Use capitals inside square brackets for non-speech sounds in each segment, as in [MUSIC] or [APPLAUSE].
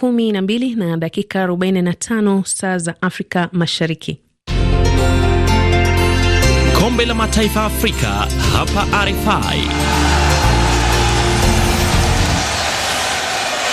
kumi na mbili na dakika 45 saa za Afrika Mashariki. Kombe la Mataifa Afrika hapa RFI.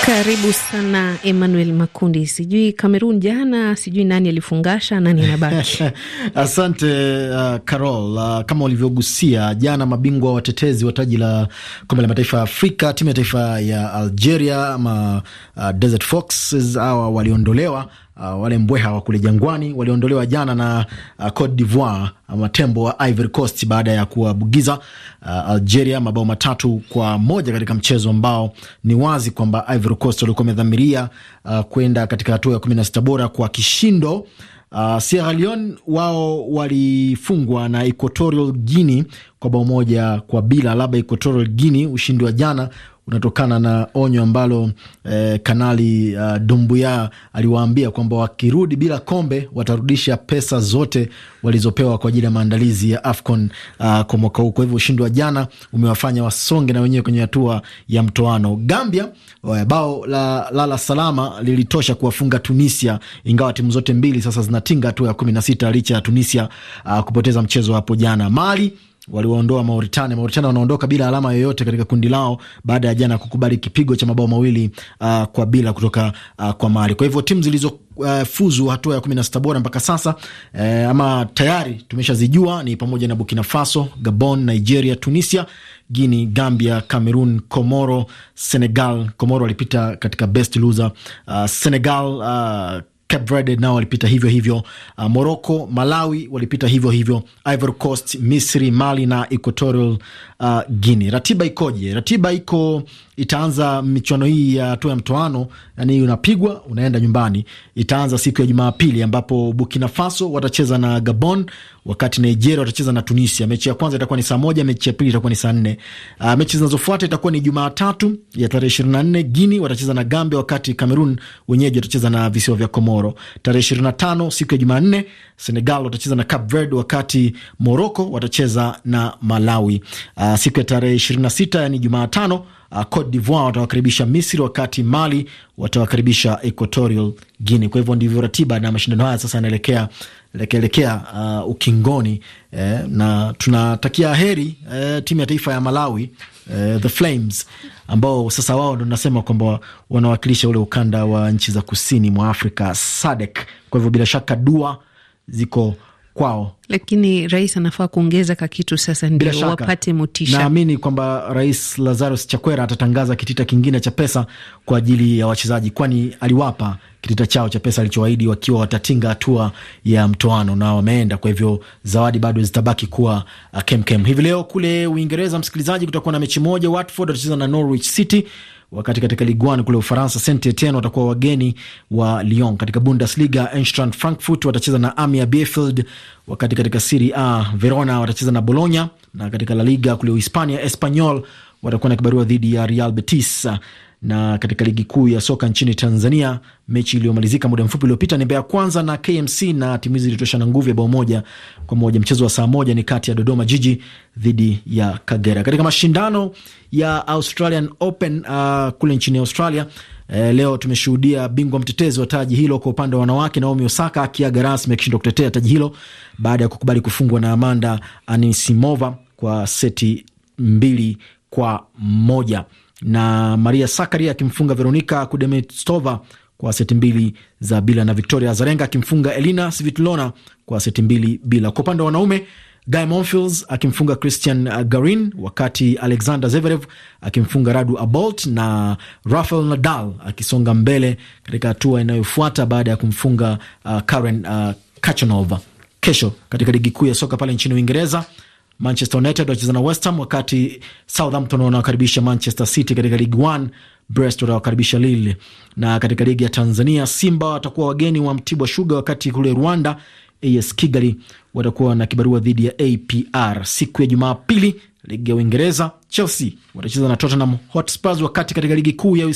Karibu sana Emmanuel Makundi. Sijui Kamerun jana, sijui nani alifungasha nani anabaki. [LAUGHS] Asante uh, Carol. Uh, kama ulivyogusia jana, mabingwa watetezi wa taji la kombe la mataifa ya Afrika, timu ya taifa ya Algeria ama uh, Desert Foxes hawa waliondolewa uh, wale mbweha wa kule jangwani waliondolewa jana na uh, Cote d'Ivoire, ah, matembo wa Ivory Coast baada ya kuwabugiza uh, Algeria mabao matatu kwa moja katika mchezo ambao ni wazi kwamba Ivory Coast walikuwa wamedhamiria uh, kwenda katika hatua ya kumi na sita bora kwa kishindo. Uh, Sierra Leone wao walifungwa na Equatorial Guinea kwa bao moja kwa bila. Labda Equatorial Guinea, ushindi wa jana unatokana na onyo ambalo eh, Kanali uh, ah, Dumbuya aliwaambia kwamba wakirudi bila kombe watarudisha pesa zote walizopewa kwa ajili ya maandalizi ya AFCON uh, kwa mwaka huu. Kwa hivyo ushindi wa jana umewafanya wasonge na wenyewe kwenye hatua ya mtoano. Gambia eh, bao la lala salama lilitosha kuwafunga Tunisia, ingawa timu zote mbili sasa zinatinga hatua ya kumi na sita licha ya Tunisia uh, kupoteza mchezo hapo jana. Mali waliwaondoa Mauritania. Mauritania wanaondoka bila alama yoyote katika kundi lao baada ya jana kukubali kipigo cha mabao mawili uh, kwa bila kutoka uh, kwa Mali. Kwa hivyo timu zilizo Uh, fuzu hatua ya kumi na sita bora mpaka sasa uh, ama tayari tumeshazijua ni pamoja na Burkina Faso, Gabon, Nigeria, Tunisia, guini Gambia, Cameroon, comoro Senegal. Comoro walipita katika best loser. Uh, Senegal uh, Cape Verde nao walipita hivyo hivyo. Uh, Morocco, Malawi walipita hivyo hivyo, Ivory Coast, Misri, Mali na Equatorial uh, Guinea. Ratiba ikoje? Ratiba iko itaanza michuano hii ya hatua ya mtoano, yani unapigwa unaenda nyumbani. Itaanza siku ya Jumapili ambapo Burkina Faso watacheza na Gabon, wakati Nigeria watacheza na Tunisia. Mechi ya kwanza itakuwa ni saa moja, mechi ya pili itakuwa ni saa nne. Uh, mechi zinazofuata itakuwa ni Jumatatu ya tarehe ishirini na nne Guini watacheza na Gambia, wakati Cameroon wenyeji watacheza na visiwa vya Komoro. Tarehe ishirini na tano siku ya Jumanne Senegal watacheza na Cape Verde, wakati Morocco watacheza na Malawi. Uh, siku ya tarehe ishirini na sita yani Jumatano ah, Cote d'Ivoire watawakaribisha Misri, wakati Mali watawakaribisha Equatorial Guinea. Kwa hivyo ndivyo ratiba na mashindano haya sasa yanaelekea lekaelekea uh, ukingoni eh, na tunatakia heri eh, timu ya taifa ya Malawi eh, the Flames ambao sasa wao ndo nasema kwamba wanawakilisha ule ukanda wa nchi za kusini mwa Afrika SADC. Kwa hivyo bila shaka dua ziko kwao. Lakini rais anafaa kuongeza ka kitu sasa, ndio wapate motisha. Naamini kwamba Rais Lazarus Chakwera atatangaza kitita kingine cha pesa kwa ajili ya wachezaji, kwani aliwapa kitita chao cha pesa alichowaahidi wakiwa watatinga hatua ya mtoano, na wameenda. Kwa hivyo zawadi bado zitabaki kuwa uh, kemkem. Hivi leo kule Uingereza, msikilizaji, kutakuwa na mechi moja, Watford watacheza na Norwich City wakati katika Ligue 1 kule Ufaransa, Saint Etienne watakuwa wageni wa Lyon. Katika Bundesliga, Eintracht Frankfurt watacheza na Arminia Bielefeld, wakati katika Serie A Verona watacheza na Bologna, na katika La Liga kule Uhispania, Espanyol watakuwa na kibarua dhidi ya Real Betis. Na katika ligi kuu ya soka nchini Tanzania, mechi iliyomalizika muda mfupi uliopita ni Mbeya Kwanza na KMC na timu hizi zilitosha na nguvu ya bao moja kwa moja. Mchezo wa saa moja ni kati ya Dodoma Jiji dhidi ya Kagera. Katika mashindano ya Australian Open uh, kule nchini Australia E, leo tumeshuhudia bingwa mtetezi wa taji hilo kwa upande wa wanawake Naomi Osaka akiaga rasmi akishindwa kutetea taji hilo baada ya kukubali kufungwa na Amanda Anisimova kwa seti mbili kwa moja na Maria Sakari akimfunga Veronika Kudemestova kwa seti mbili za bila na Victoria Azarenga akimfunga Elina Svitlona kwa seti mbili bila. Kwa upande wa wanaume Guy Monfils akimfunga Christian Garin, wakati Alexander Zverev akimfunga Radu Abolt na Rafael Nadal akisonga mbele katika hatua inayofuata baada ya kumfunga uh, Karen uh, Kachanova. Kesho katika ligi kuu ya soka pale nchini Uingereza Manchester United wacheza na West Ham, wakati Southampton wanawakaribisha Manchester City katika League One. Brest watawakaribisha Lille. Na katika ligi ya Tanzania, Simba watakuwa wageni wa Mtibwa Sugar, wakati kule Rwanda AS Kigali watakuwa na kibarua dhidi ya APR. Siku ya Jumapili, ligi ya Uingereza, Chelsea watacheza na Tottenham Hotspurs, wakati katika ligi kuu ya,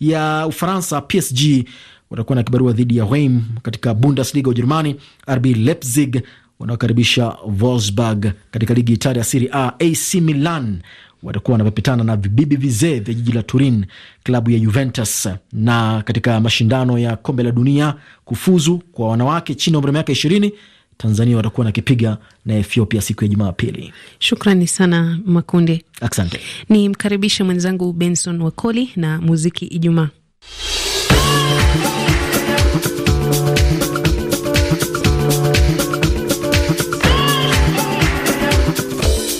ya Ufaransa PSG watakuwa na kibarua dhidi ya Reims. Katika Bundesliga Ujerumani, RB Leipzig wanaokaribisha Wolfsburg katika ligi Italia Serie A. AC Milan watakuwa wanapepetana na vibibi vizee vya jiji la Turin, klabu ya Juventus. Na katika mashindano ya kombe la dunia kufuzu kwa wanawake chini ya umri wa miaka ishirini Tanzania watakuwa na kipiga na Ethiopia siku ya Jumapili. Shukrani sana Makunde, asante. Ni mkaribishe mwenzangu Benson Wakoli na muziki Ijumaa.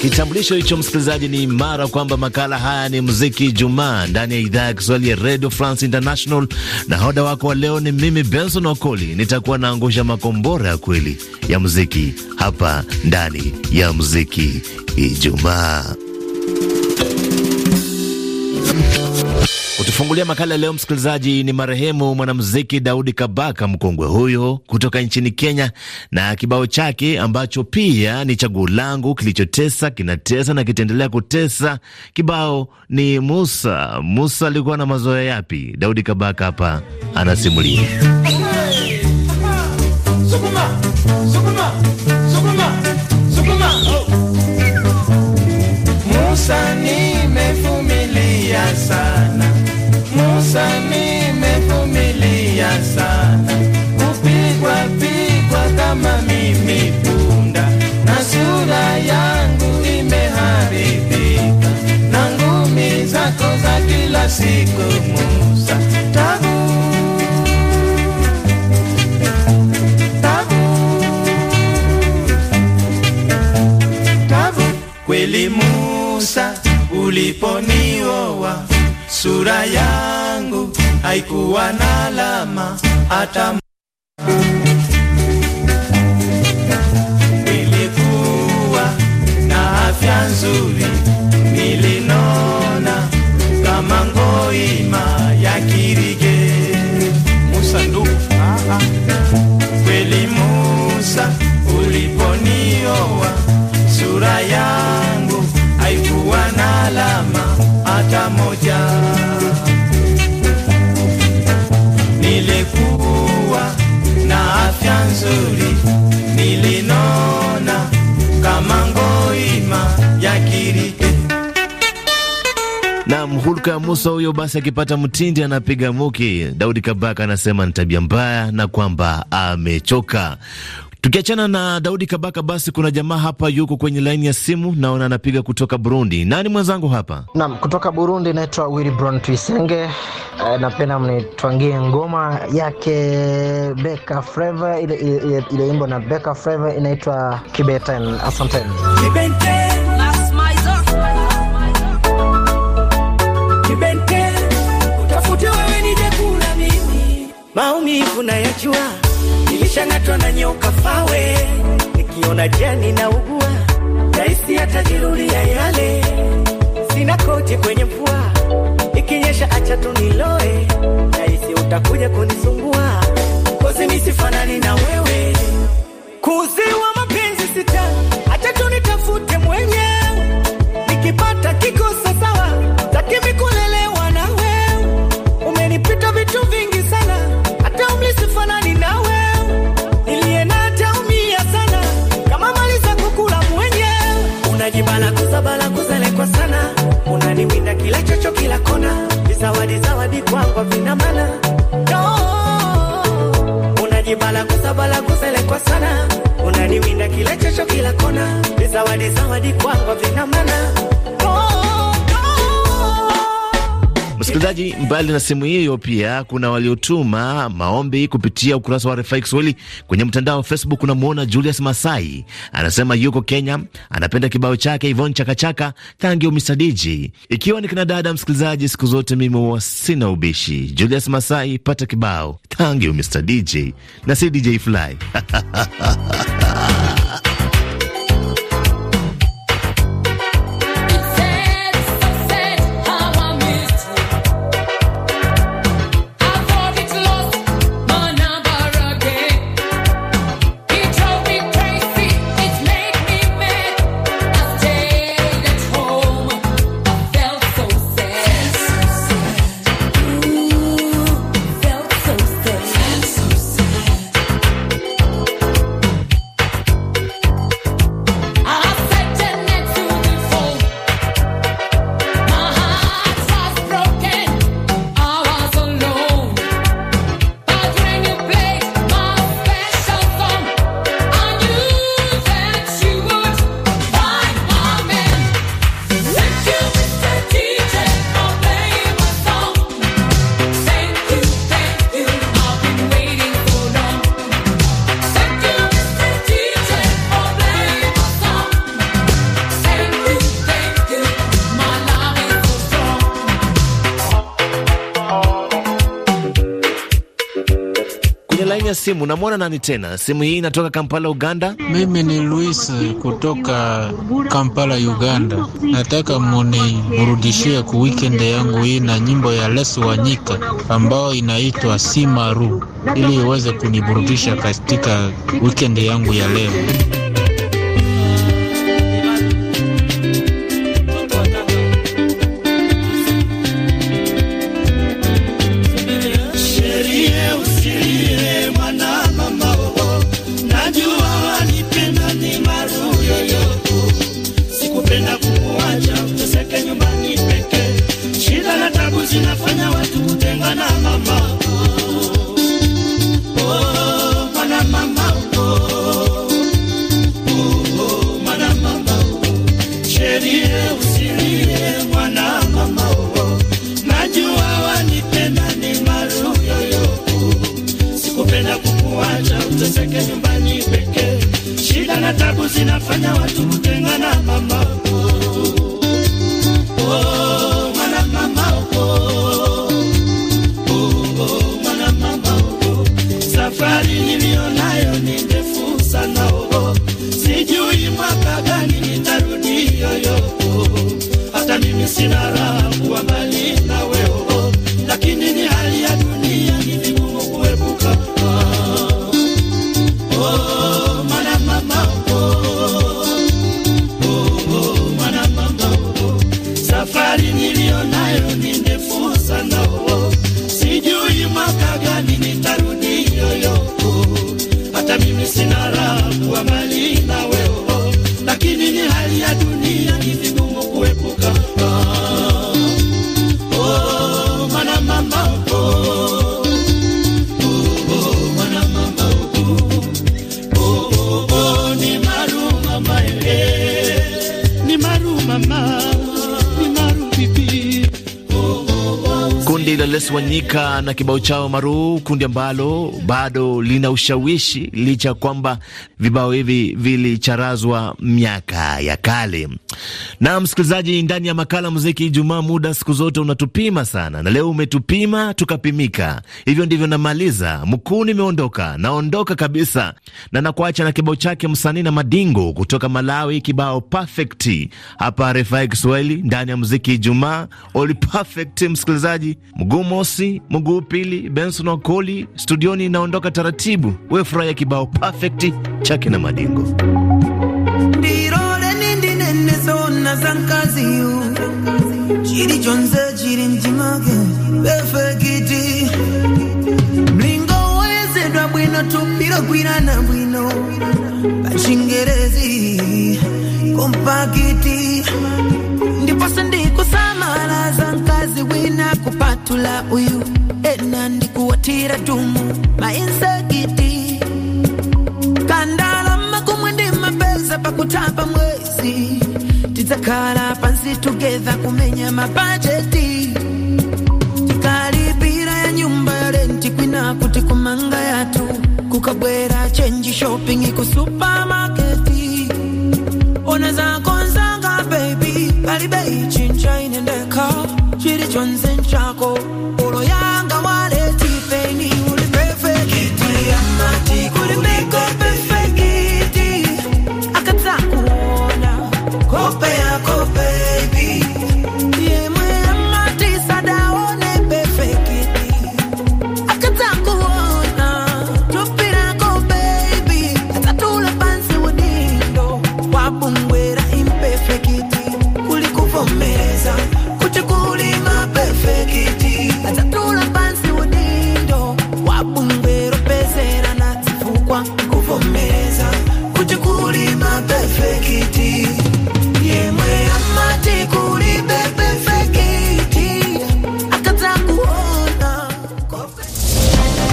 Kitambulisho hicho msikilizaji ni imara kwamba makala haya ni muziki Jumaa ndani ya idhaa ya Kiswahili ya Radio France International, na hoda wako wa leo ni mimi Benson Okoli. Nitakuwa naangusha makombora ya kweli ya muziki hapa ndani ya muziki Ijumaa. Utufungulia makala leo, msikilizaji, ni marehemu mwanamuziki Daudi Kabaka, mkongwe huyo kutoka nchini Kenya, na kibao chake ambacho pia ni chaguo langu, kilichotesa kinatesa na kitaendelea kutesa. Kibao ni Musa. Musa alikuwa na mazoea yapi? Daudi Kabaka hapa anasimulia. Sukuma, sukuma. Kweli Musa, uliponioa sura yangu haikuwa na alama hata nzuri Luka Musa huyo basi akipata mtindi anapiga muki. Daudi Kabaka anasema ni tabia mbaya na kwamba amechoka. Tukiachana na Daudi Kabaka, basi kuna jamaa hapa yuko kwenye laini ya simu, naona anapiga kutoka Burundi. Nani mwenzangu hapa? Naam, kutoka Burundi naitwa Brown Twisenge. E, napenda mnitwangie ngoma yake Beka Flava ile ile ile, imbo na Beka Flava inaitwa Kibeten. Asanteni. Kibeten. kibente, utafute wewe nije kula mimi. Maumivu nayajua, nilishang'atwa na nyoka fawe, nikiona jani na ugua rahisi, ya yale. Sina koti kwenye mvua, ikinyesha acha niloe, rahisi utakuja kunisumbua, kozi nisifanani na wewe, kuziwa mapenzi sita, acha nitafute mwenyewe, nikipata kikosa sawa takimi kabala kwa sana, unaniwinda kila chocho kila kona, vizawadi zawadi kwangu vinamana oh. Msikilizaji, mbali na simu hiyo, pia kuna waliotuma maombi kupitia ukurasa wa RFI Kiswahili kwenye mtandao wa Facebook. Unamwona Julius Masai anasema yuko Kenya, anapenda kibao chake Ivon Chakachaka Thangio Misadiji, ikiwa ni kina dada. Msikilizaji, siku zote mimi huwa sina ubishi. Julius Masai, pata kibao Thangio Misadiji na si DJ Fly [LAUGHS] ya simu namwona nani tena? Simu hii inatoka Kampala, Uganda. Mimi ni Luis eh, kutoka Kampala, Uganda. Nataka muniburudishie ku wikendi yangu hii na nyimbo ya Lesu Wanyika ambayo inaitwa Simaru, ili iweze kuniburudisha katika wikendi yangu ya leo. kundi la Wanyika na kibao chao Maruu, kundi ambalo bado lina ushawishi licha ya kwamba vibao hivi vilicharazwa miaka ya kale. Na msikilizaji, ndani ya makala muziki Ijumaa, muda siku zote unatupima sana, na leo umetupima tukapimika. Hivyo ndivyo namaliza mkuu, nimeondoka naondoka kabisa, na nakuacha na kibao chake msanii na Madingo kutoka Malawi, kibao perfect hapa RFI Kiswahili ndani ya muziki Ijumaa all perfect. Msikilizaji, mguu mosi mguu pili, Benson Wakoli studioni, naondoka taratibu, we furahia kibao perfect chake na Madingo. na zankazi chiri chonse chiri mtimake pefekiti mlingo wezedwa bwino tupiro kwirana bwino pachingerezi kompakiti ndiponso ndikusamala zankazi wina kupatula uyu ena ndi ndikuwatira tumu mainsekiti kandalama kumwe ndimapeza pakutapa mwe tikagara pansi togedha kumenya mabajeti tikaripira ya nyumba yorenti kwina kuti kumanga yatu kukabwera chenji shopping kusupamaketi ona zako nzanga bebi balibeichinchainendeka chiri chonze nchako olo yanga wali